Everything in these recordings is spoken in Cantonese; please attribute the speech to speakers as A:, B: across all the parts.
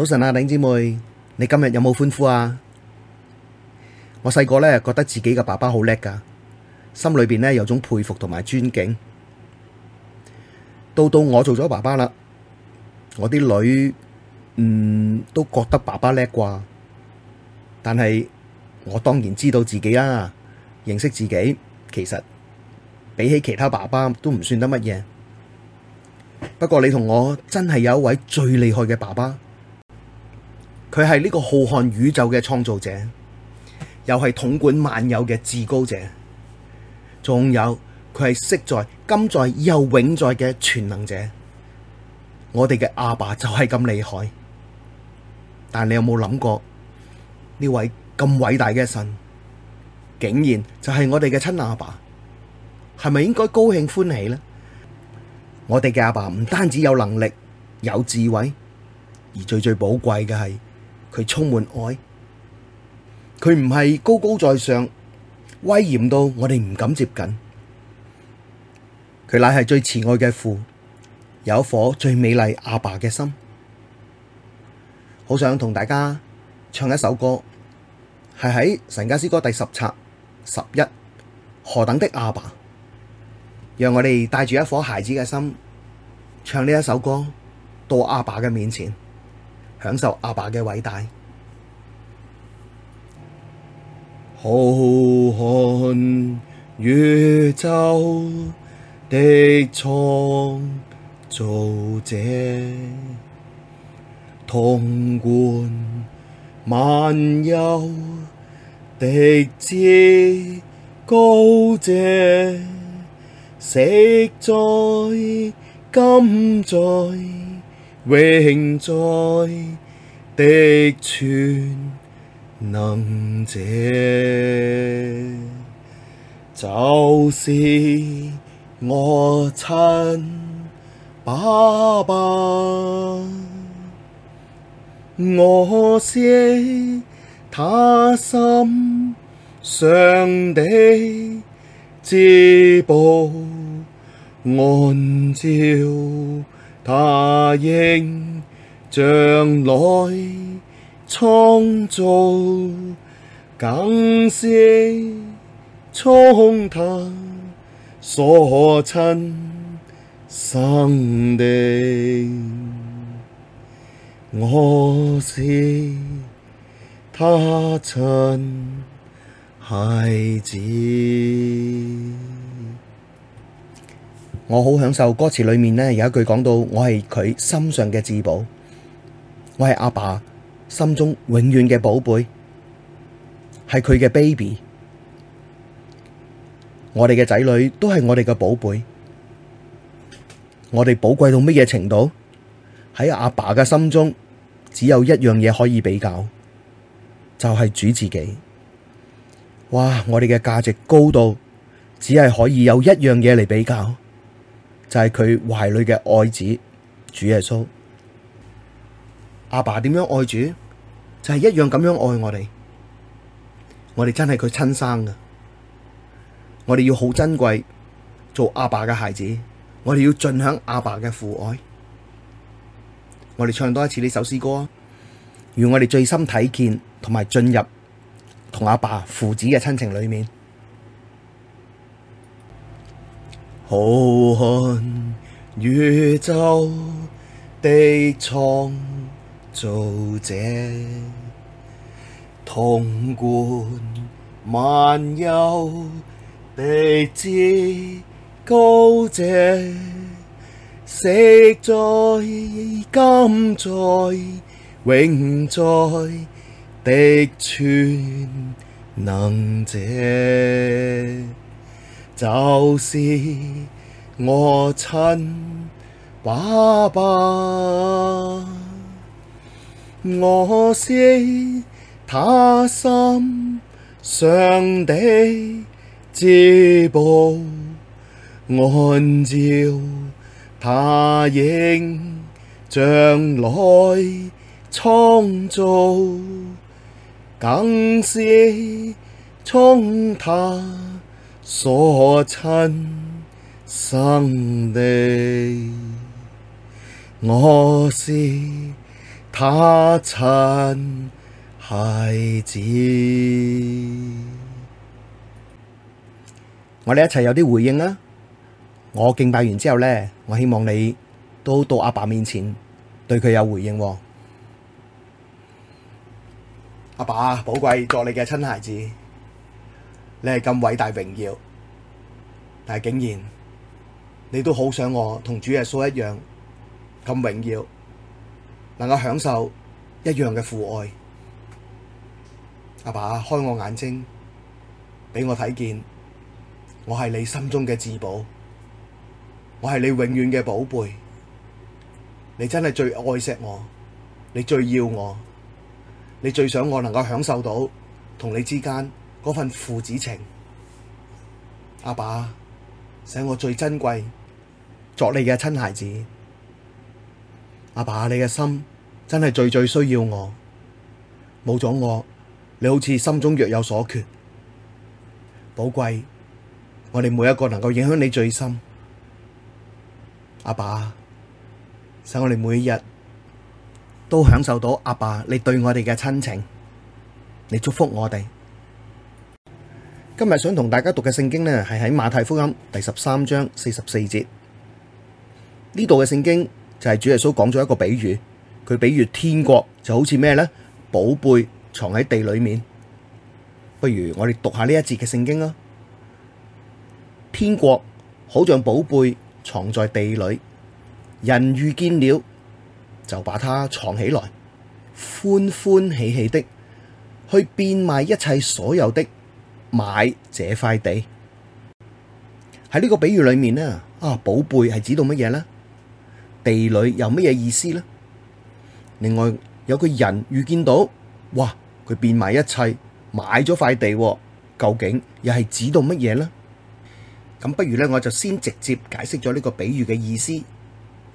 A: 早晨啊，弟兄姐妹，你今日有冇歡呼啊？我細個咧覺得自己嘅爸爸好叻㗎，心裏邊咧有種佩服同埋尊敬。到到我做咗爸爸啦，我啲女，嗯，都覺得爸爸叻啩。但係我當然知道自己啊，認識自己，其實比起其他爸爸都唔算得乜嘢。不過你同我真係有一位最厲害嘅爸爸。佢係呢個浩瀚宇宙嘅創造者，又係統管萬有嘅至高者，仲有佢係昔在、今在、以後永在嘅全能者。我哋嘅阿爸就係咁厲害，但你有冇諗過呢位咁偉大嘅神，竟然就係我哋嘅親阿爸，係咪應該高興歡喜呢？我哋嘅阿爸唔單止有能力、有智慧，而最最寶貴嘅係。佢充滿愛，佢唔係高高在上，威嚴到我哋唔敢接近。佢乃係最慈愛嘅父，有一顆最美麗阿爸嘅心。好想同大家唱一首歌，係喺《神家詩歌》第十冊十一《何等的阿爸》，讓我哋帶住一顆孩子嘅心，唱呢一首歌到阿爸嘅面前。享受阿爸嘅偉大，
B: 浩瀚宇宙的創造者，統管萬有的至高者，昔在今在。永在的全能者，就是我親爸爸。我是祂心上的至寶，按照。他形像來創造，更是從祂所親生的。我是他親
A: 孩子。我好享受歌詞裏面咧有一句講到我係佢心上嘅至寶，我係阿爸心中永遠嘅寶貝，係佢嘅 baby。我哋嘅仔女都係我哋嘅寶貝，我哋寶貴到乜嘢程度？喺阿爸嘅心中只有一樣嘢可以比較，就係主自己。哇！我哋嘅價值高到只係可以有一樣嘢嚟比較。就係佢懷裏嘅愛子主耶穌，阿爸點樣愛主，就係一樣咁樣愛我哋，我哋真係佢親生噶，我哋要好珍貴做阿爸嘅孩子，我哋要盡享阿爸嘅父愛，我哋唱多一次呢首詩歌，讓我哋最深體見同埋進入同阿爸父子嘅親情裏面。浩瀚宇宙的創
B: 造者，統管萬有的至高者，昔在今在永在的全能者。就是我親爸爸，我是他心上的至寶，按照他形像來創造，更是從他。所親生的，我是
A: 他親孩子。我哋一齊有啲回應啦。我敬拜完之後呢，我希望你都到阿爸面前，對佢有回應喎。阿爸，寶貴做你嘅親孩子。你係咁偉大榮耀，但係竟然你都好想我同主耶穌一樣咁榮耀，能夠享受一樣嘅父愛。阿爸啊，開我眼睛，俾我睇見，我係你心中嘅至寶，我係你永遠嘅寶貝。你真係最愛錫我，你最要我，你最想我能夠享受到同你之間嗰份父子情，阿爸，使我最珍貴、作你嘅親孩子。阿爸，你嘅心真係最最需要我，冇咗我，你好似心中若有所缺。寶貴，我哋每一個能夠影響你最深，阿爸，使我哋每一日都享受到阿爸你對我哋嘅親情，你祝福我哋。今日想同大家讀嘅聖經呢，係喺馬太福音第十三章四十四節。呢度嘅聖經就係主耶穌講咗一個比喻，佢比喻天國就好似咩呢？「寶貝藏喺地裏面」，不如我哋讀下呢一節嘅聖經啊。天國好像寶貝藏在地裏，人遇見了就把它藏起來，歡歡喜喜的去變賣一切所有的。買這塊地。喺呢個比喻裏面咧，啊寶貝係指到乜嘢呢？地裏有乜嘢意思呢？另外有個人遇見到，哇佢變埋一切，買咗塊地，究竟又係指到乜嘢呢？咁不如咧，我就先直接解釋咗呢個比喻嘅意思，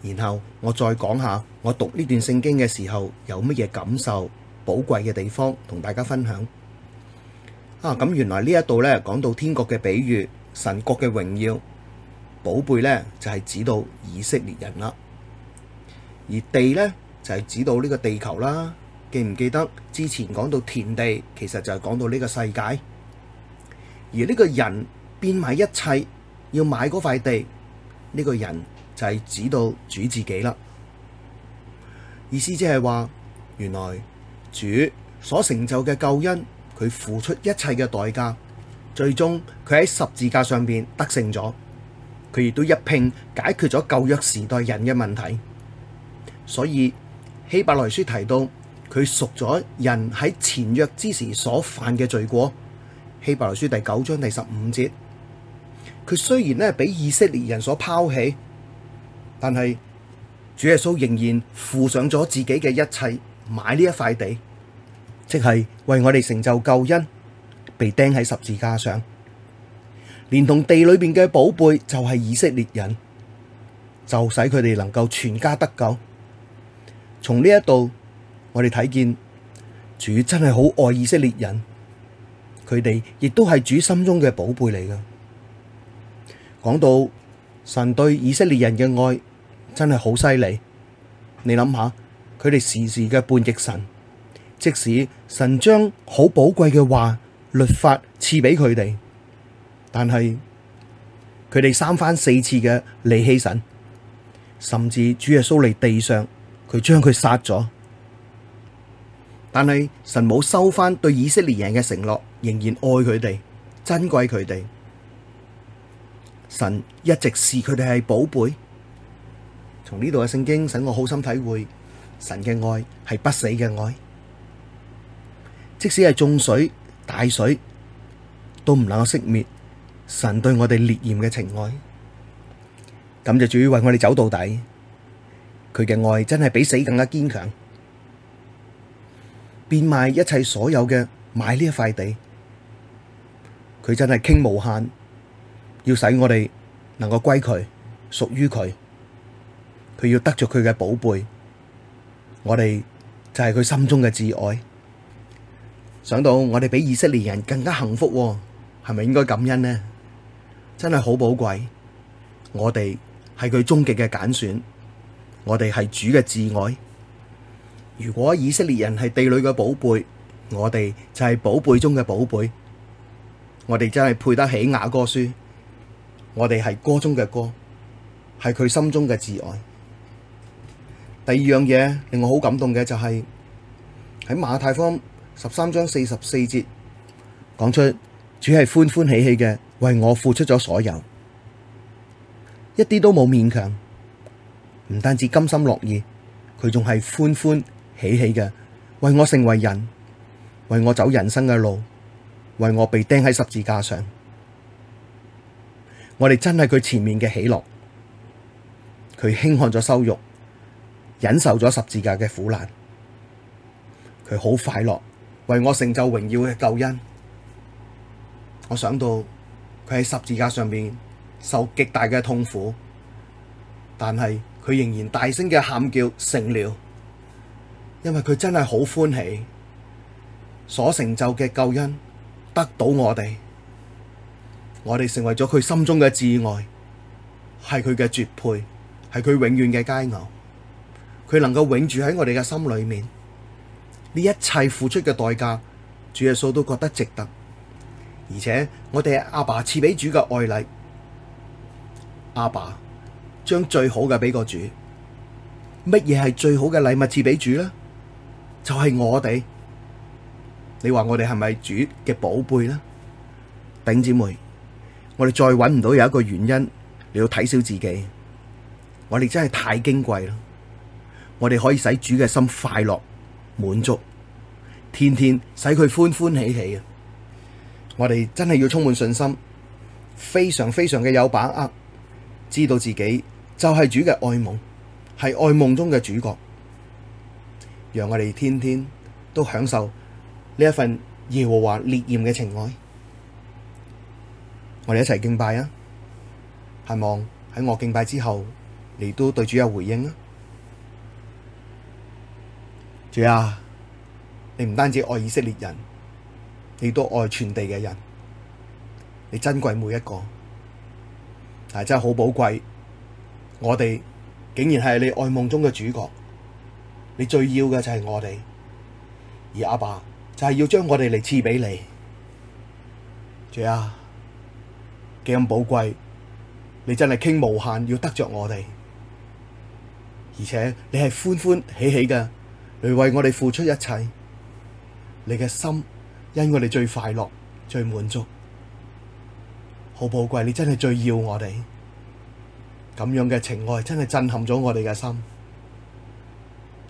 A: 然後我再講下我讀呢段聖經嘅時候有乜嘢感受，寶貴嘅地方同大家分享。啊，咁原來呢一度呢，講到天國嘅比喻，神國嘅榮耀，寶貝呢，就係、是、指到以色列人啦，而地呢，就係、是、指到呢個地球啦。記唔記得之前講到田地，其實就係講到呢個世界，而呢個人變賣一切要買嗰塊地，呢、這個人就係指到主自己啦。意思即係話，原來主所成就嘅救恩。佢付出一切嘅代價，最終佢喺十字架上邊得勝咗，佢亦都一拼解決咗舊約時代人嘅問題。所以希伯來書提到佢贖咗人喺前約之時所犯嘅罪過。希伯來書第九章第十五節，佢雖然咧俾以色列人所拋棄，但係主耶穌仍然付上咗自己嘅一切買呢一塊地。即係為我哋成就救恩，被釘喺十字架上，連同地裏邊嘅寶貝就係以色列人，就使佢哋能夠全家得救。從呢一度，我哋睇見主真係好愛以色列人，佢哋亦都係主心中嘅寶貝嚟嘅。講到神對以色列人嘅愛真係好犀利，你諗下佢哋時時嘅叛逆神。即使神將好寶貴嘅話、律法賜俾佢哋，但係佢哋三番四次嘅離棄神，甚至主耶穌嚟地上，佢將佢殺咗，但係神冇收翻對以色列人嘅承諾，仍然愛佢哋，珍貴佢哋，神一直視佢哋係寶貝。從呢度嘅聖經，使我好心體會神嘅愛係不死嘅愛。即使係眾水、大水，都唔能夠熄滅神對我哋烈焰嘅情愛。咁就主要為我哋走到底，佢嘅愛真係比死更加堅強。變賣一切所有嘅，買呢一塊地，佢真係傾無限，要使我哋能夠歸佢，屬於佢。佢要得着佢嘅寶貝，我哋就係佢心中嘅摯愛。想到我哋比以色列人更加幸福啊，係咪應該感恩呢？真係好寶貴，我哋係佢終極嘅揀選，我哋係主嘅摯愛。如果以色列人係地裏嘅寶貝，我哋就係寶貝中嘅寶貝。我哋真係配得起雅歌書，我哋係歌中嘅歌，係佢心中嘅摯愛。第二樣嘢令我好感動嘅就係、是、喺馬太方十三章四十四節講出，主係歡歡喜喜嘅，為我付出咗所有，一啲都冇勉強。唔單止甘心樂意，佢仲係歡歡喜喜嘅，為我成為人，為我走人生嘅路，為我被釘喺十字架上。我哋真係佢前面嘅喜樂，佢輕看咗羞辱，忍受咗十字架嘅苦難，佢好快樂。為我成就榮耀嘅救恩，我想到佢喺十字架上面受極大嘅痛苦，但係佢仍然大聲嘅喊叫，成了，因為佢真係好歡喜，所成就嘅救恩得到我哋，我哋成為咗佢心中嘅摯愛，係佢嘅絕配，係佢永遠嘅佳偶，佢能夠永住喺我哋嘅心裏面。呢一切付出嘅代價，主耶穌都覺得值得。而且我哋係阿爸賜俾主嘅愛禮，阿爸將最好嘅俾個主。乜嘢係最好嘅禮物賜俾主咧？就係、是、我哋。你話我哋係咪主嘅寶貝咧？頂姐妹，我哋再搵唔到有一個原因，你要睇小自己。我哋真係太矜貴啦！我哋可以使主嘅心快樂。滿足，天天使佢歡歡喜喜啊！我哋真係要充滿信心，非常非常嘅有把握，知道自己就係主嘅愛夢，係愛夢中嘅主角，讓我哋天天都享受呢一份耶和華烈焰嘅情愛。我哋一齊敬拜啊！希望喺我敬拜之後，你都對主有回應啊！主啊，你唔單止愛以色列人，你都愛全地嘅人，你珍貴每一個，但真係好寶貴。我哋竟然係你愛夢中嘅主角，你最要嘅就係我哋，而阿爸,爸就係要將我哋嚟賜俾你。主啊，幾咁寶貴，你真係傾無限要得着我哋，而且你係歡歡喜喜嘅。你為我哋付出一切，你嘅心因我哋最快樂、最滿足，好寶貴。你真係最要我哋，咁樣嘅情愛真係震撼咗我哋嘅心。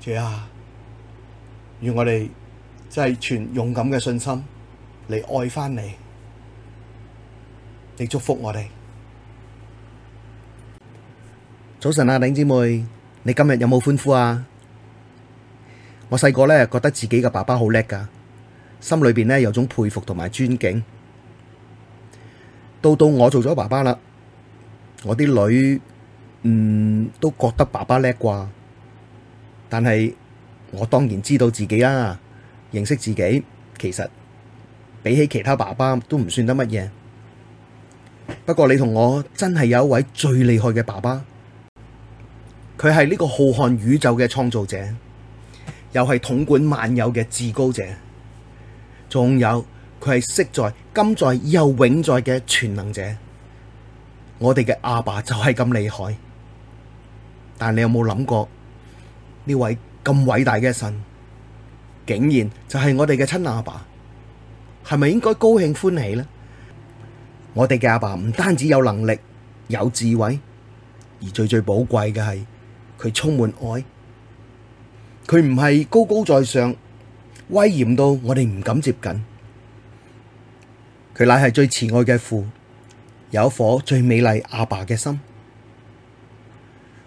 A: 主啊，願我哋真係全勇敢嘅信心嚟愛翻你，你祝福我哋。早晨啊，領姐妹，你今日有冇歡呼啊？我細個咧覺得自己嘅爸爸好叻噶，心裏邊咧有種佩服同埋尊敬。到到我做咗爸爸啦，我啲女嗯，都覺得爸爸叻啩。但係我當然知道自己啊，認識自己，其實比起其他爸爸都唔算得乜嘢。不過你同我真係有一位最厲害嘅爸爸，佢係呢個浩瀚宇宙嘅創造者。又係統管萬有嘅至高者，仲有佢係昔在、今在、以後永在嘅全能者。我哋嘅阿爸就係咁厲害，但你有冇諗過呢位咁偉大嘅神，竟然就係我哋嘅親阿爸，係咪應該高興歡喜呢？我哋嘅阿爸唔單止有能力、有智慧，而最最寶貴嘅係佢充滿愛。佢唔係高高在上，威嚴到我哋唔敢接近。佢乃係最慈愛嘅父，有一顆最美麗阿爸嘅心。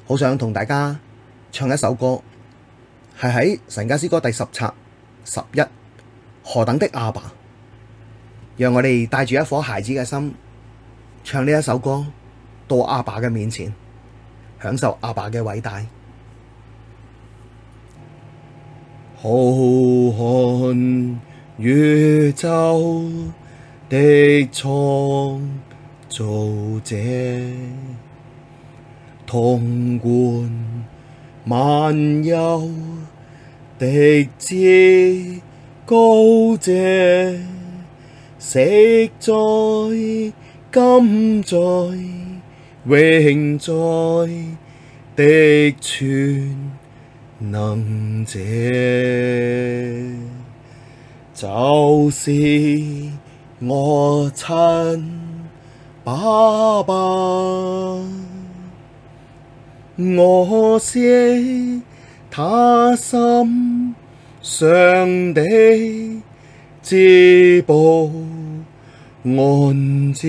A: 好想同大家唱一首歌，係喺《神家詩歌》第十冊十一何等的阿爸，讓我哋帶住一顆孩子嘅心，唱呢一首歌到阿爸嘅面前，享受阿爸嘅偉大。
B: 浩瀚宇宙的創造者，統管萬有的至高者，昔在今在永在的全能者，就是我親爸爸，我是祂心上的至寶，按照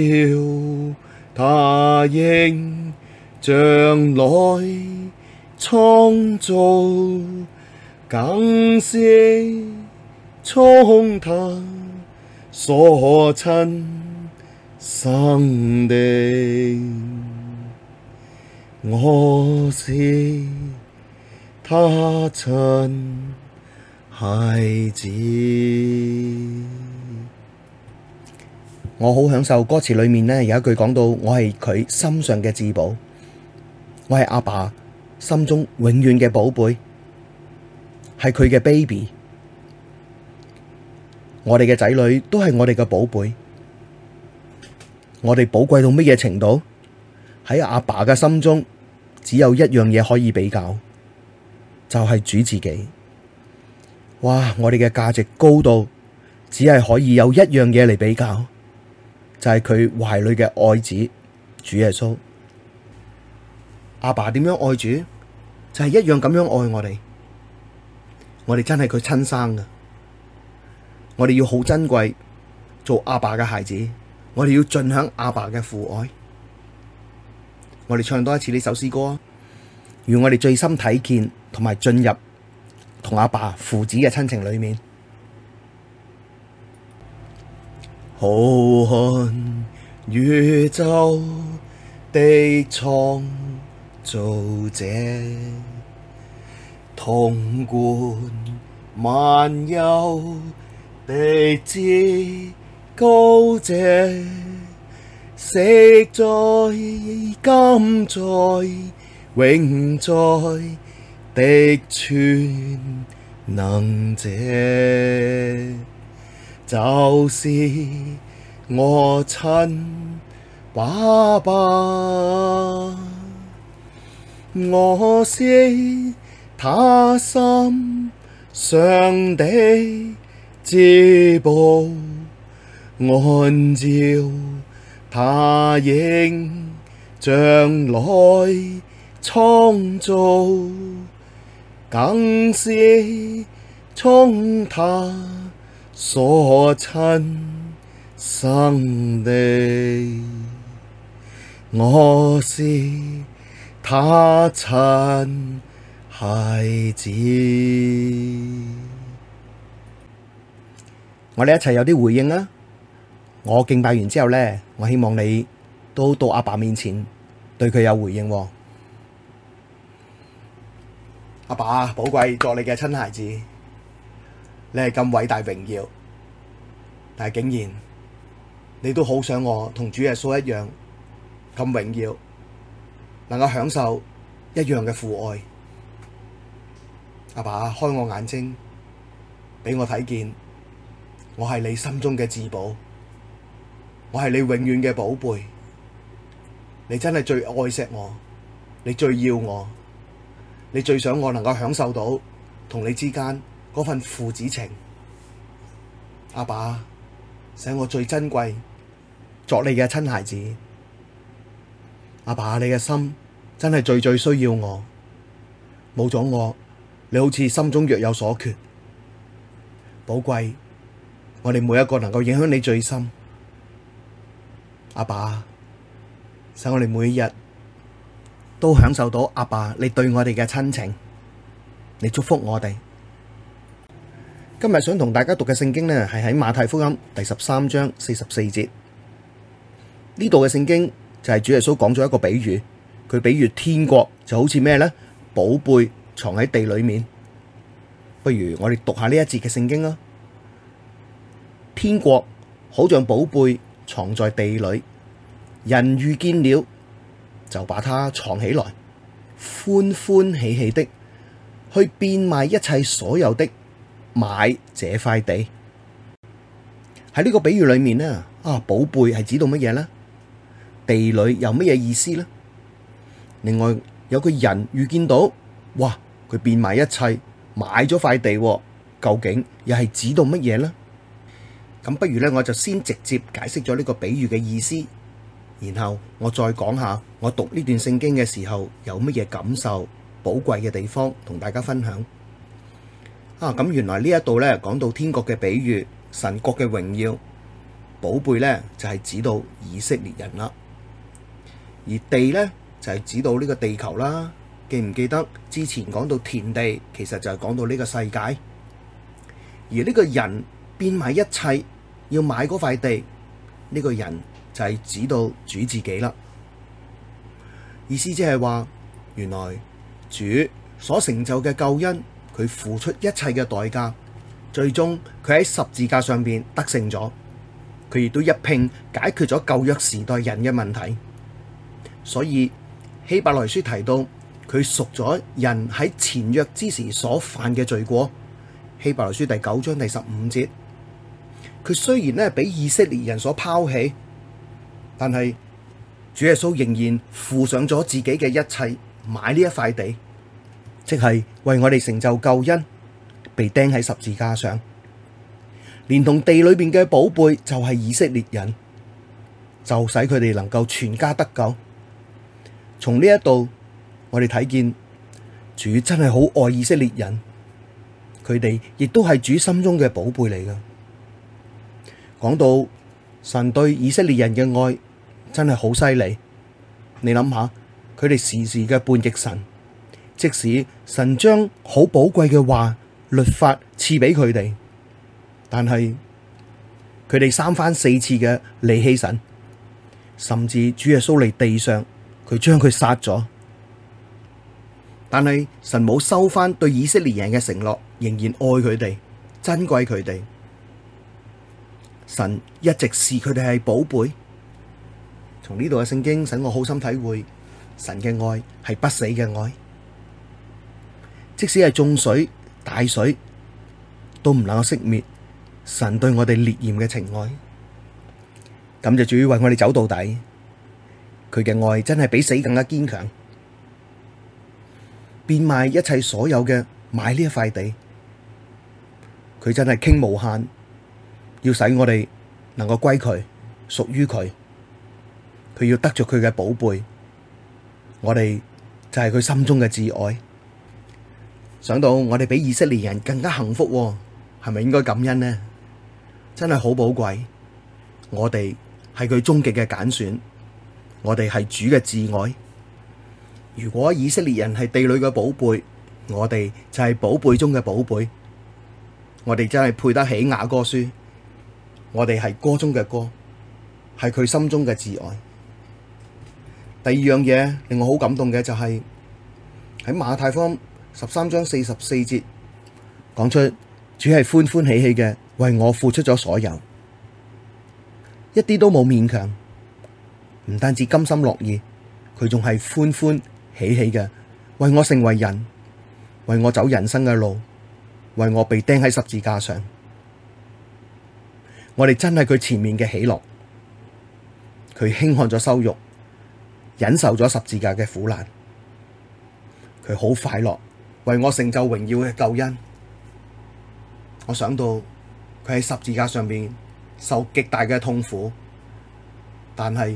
B: 祂形像來創造更是從祂所親生的，我是他親
A: 孩子。我好享受歌詞裏面咧有一句講到我，我係佢心上嘅至寶，我係阿爸。心中永遠嘅寶貝係佢嘅 baby，我哋嘅仔女都係我哋嘅寶貝，我哋寶貴到乜嘢程度？喺阿爸嘅心中，只有一樣嘢可以比較，就係、是、主自己。哇！我哋嘅價值高到，只係可以有一樣嘢嚟比較，就係佢懷裏嘅愛子主耶穌。阿爸點樣愛主？就係、是、一樣咁樣愛我哋。我哋真係佢親生噶我哋要好珍貴做阿爸嘅孩子，我哋要盡享阿爸嘅父愛。我哋唱多一次呢首詩歌，讓我哋最深睇見同埋進入同阿爸父子嘅親情裏面。浩瀚宇宙的創地
B: 造者、統管萬有的至高者、昔在今在永在的全能者，就是我親爸爸。我是他心上的至寶，按照他形像來創造，更是從他所親生的，我是。
A: 他親孩子，我哋一齊有啲回應啦。我敬拜完之後呢，我希望你都到阿爸，爸面前對佢有回應，哦爸爸。阿爸寶貴做你嘅親孩子，你係咁偉大榮耀，但係竟然你都好想我同主耶穌一樣咁榮耀。能夠享受一樣嘅父愛，阿爸開我眼睛，俾我睇見，我係你心中嘅至寶，我係你永遠嘅寶貝，你真係最愛錫我，你最要我，你最想我能夠享受到同你之間嗰份父子情，阿爸，使我最珍貴作你嘅親孩子。阿爸，你嘅心真係最最需要我，冇咗我，你好似心中若有所缺。寶貴，我哋每一個能夠影響你最深，阿爸，使我哋每一日都享受到阿爸你對我哋嘅親情，你祝福我哋。今日想同大家讀嘅聖經呢，係喺馬太福音第十三章四十四節呢度嘅聖經。就係主耶穌講咗一個比喻，佢比喻天國就好似咩呢？「寶貝藏喺地裏面」，不如我哋讀下呢一節嘅聖經啊。天國好像寶貝藏在地裏，人遇見了就把它藏起來，歡歡喜喜的去變賣一切所有的，買這塊地。喺呢個比喻裏面，啊，呢，啊寶貝係指到乜嘢呢？地裏有乜嘢意思呢？另外有個人遇見到，哇，佢變埋一切，買咗塊地，哦，究竟又係指到乜嘢呢？咁不如咧，我就先直接解釋咗呢個比喻嘅意思，然後我再講下我讀呢段聖經嘅時候有乜嘢感受，寶貴嘅地方同大家分享。啊，咁原來呢一度咧講到天國嘅比喻，神國嘅榮耀，寶貝咧就係、是、指到以色列人啦。而地呢，就係指到呢個地球啦，記唔記得之前講到田地，其實就係講到呢個世界。而呢個人變賣一切要買嗰塊地，呢個人就係指到主自己啦。意思即係話，原來主所成就嘅救恩，佢付出一切嘅代價，最終佢喺十字架上邊得勝咗，佢亦都一拼解決咗舊約時代人嘅問題。所以希伯來書提到佢贖咗人喺前約之時所犯嘅罪過。希伯來書第九章第十五節，佢雖然咧俾以色列人所拋棄，但係主耶穌仍然付上咗自己嘅一切，買呢一塊地，即係為我哋成就救恩，被釘喺十字架上，連同地裏邊嘅寶貝就係以色列人，就使佢哋能夠全家得救。從呢一度，我哋睇見主真係好愛以色列人，佢哋亦都係主心中嘅寶貝嚟噶。講到神對以色列人嘅愛，真係好犀利。你諗下，佢哋時時嘅叛逆神，即使神將好寶貴嘅話律法賜俾佢哋，但係佢哋三番四次嘅離棄神，甚至主耶穌嚟地上。佢將佢殺咗，但係神冇收返對以色列人嘅承諾，仍然愛佢哋，珍貴佢哋。神一直視佢哋係寶貝。從呢度嘅聖經，使我好心體會神嘅愛係不死嘅愛，即使係眾水、大水都唔能夠熄滅神對我哋烈焰嘅情愛。咁就主要為我哋走到底。佢嘅愛真係比死更加堅強，變賣一切所有嘅買呢一塊地，佢真係傾無限，要使我哋能夠歸佢，屬於佢，佢要得着佢嘅寶貝，我哋就係佢心中嘅摯愛。想到我哋比以色列人更加幸福，啊，係咪應該感恩呢？真係好寶貴，我哋係佢終極嘅揀選。我哋係主嘅摯愛。如果以色列人係地裏嘅寶貝，我哋就係寶貝中嘅寶貝。我哋真係配得起雅歌書。我哋係歌中嘅歌，係佢心中嘅摯愛。第二樣嘢令我好感動嘅就係，喺馬太福音十三章四十四節講出，主係歡歡喜喜嘅，為我付出咗所有，一啲都冇勉強。唔單止甘心樂意，佢仲係歡歡喜喜嘅，為我成為人，為我走人生嘅路，為我被釘喺十字架上。我哋真係佢前面嘅喜樂，佢輕看咗羞辱，忍受咗十字架嘅苦難，佢好快樂，為我成就榮耀嘅救恩。我想到佢喺十字架上面受極大嘅痛苦，但係。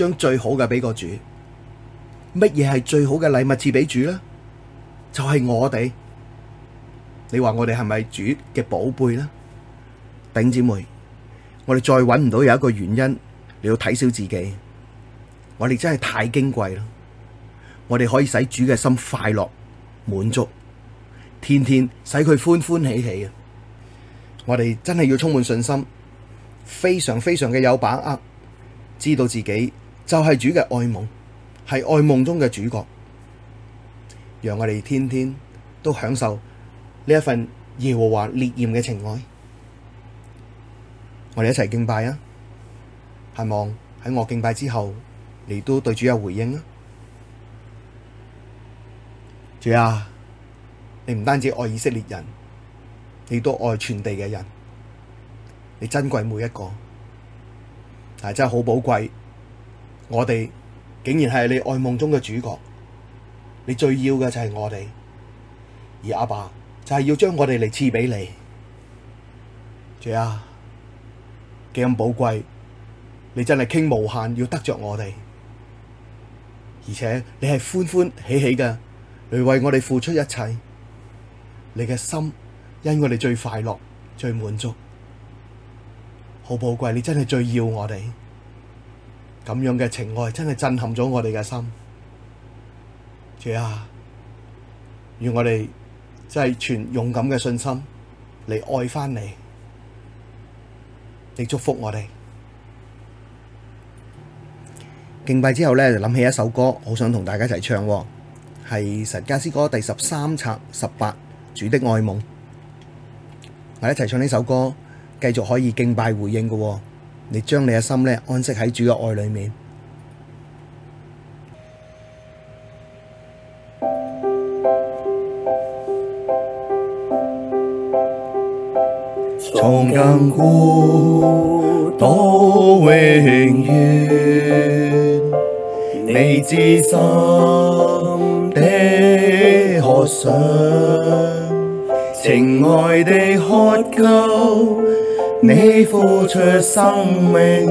A: 將最好嘅俾個主，乜嘢係最好嘅禮物賜俾主呢？就係、是、我哋。你話我哋係咪主嘅寶貝呢？頂姐妹，我哋再搵唔到有一個原因你要睇小自己，我哋真係太矜貴啦。我哋可以使主嘅心快樂滿足，天天使佢歡歡喜喜啊！我哋真係要充滿信心，非常非常嘅有把握，知道自己。就係主嘅愛夢，係愛夢中嘅主角，讓我哋天天都享受呢一份耶和華烈焰嘅情愛。我哋一齊敬拜啊，盼望喺我敬拜之後，你都對主有回應啊！主啊，你唔單止愛以色列人，你都愛全地嘅人，你珍貴每一個，但係真係好寶貴。我哋竟然係你愛夢中嘅主角，你最要嘅就係我哋，而阿爸就係要將我哋嚟賜俾你，主啊，幾咁寶貴！你真係傾無限要得着我哋，而且你係歡歡喜喜嘅嚟為我哋付出一切，你嘅心因我哋最快樂、最滿足，好寶貴！你真係最要我哋。咁樣嘅情愛真係震撼咗我哋嘅心，主啊，願我哋真係全勇敢嘅信心嚟愛返你，你祝福我哋。敬拜之後呢，就諗起一首歌，好想同大家一齊唱喎，係《神家詩歌》第十三冊十八主的愛夢，我哋一齊唱呢首歌，繼續可以敬拜回應嘅喎。你將你嘅心咧安息喺主嘅愛裏面。
B: 從今古道永遠，永遠你痴心的可想？情愛的渴求。你付出生命，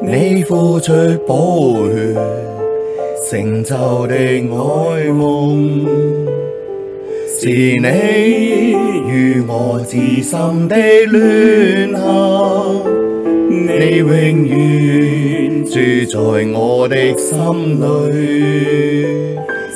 B: 你付出寶血，成就的愛夢，是你與我自信的戀合。你永遠住在我的心裏。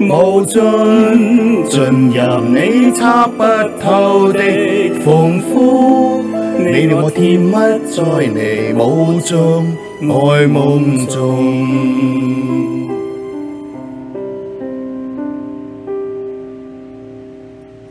B: 無盡進入你拆不透的防護，你令我甜蜜在迷霧中愛夢中。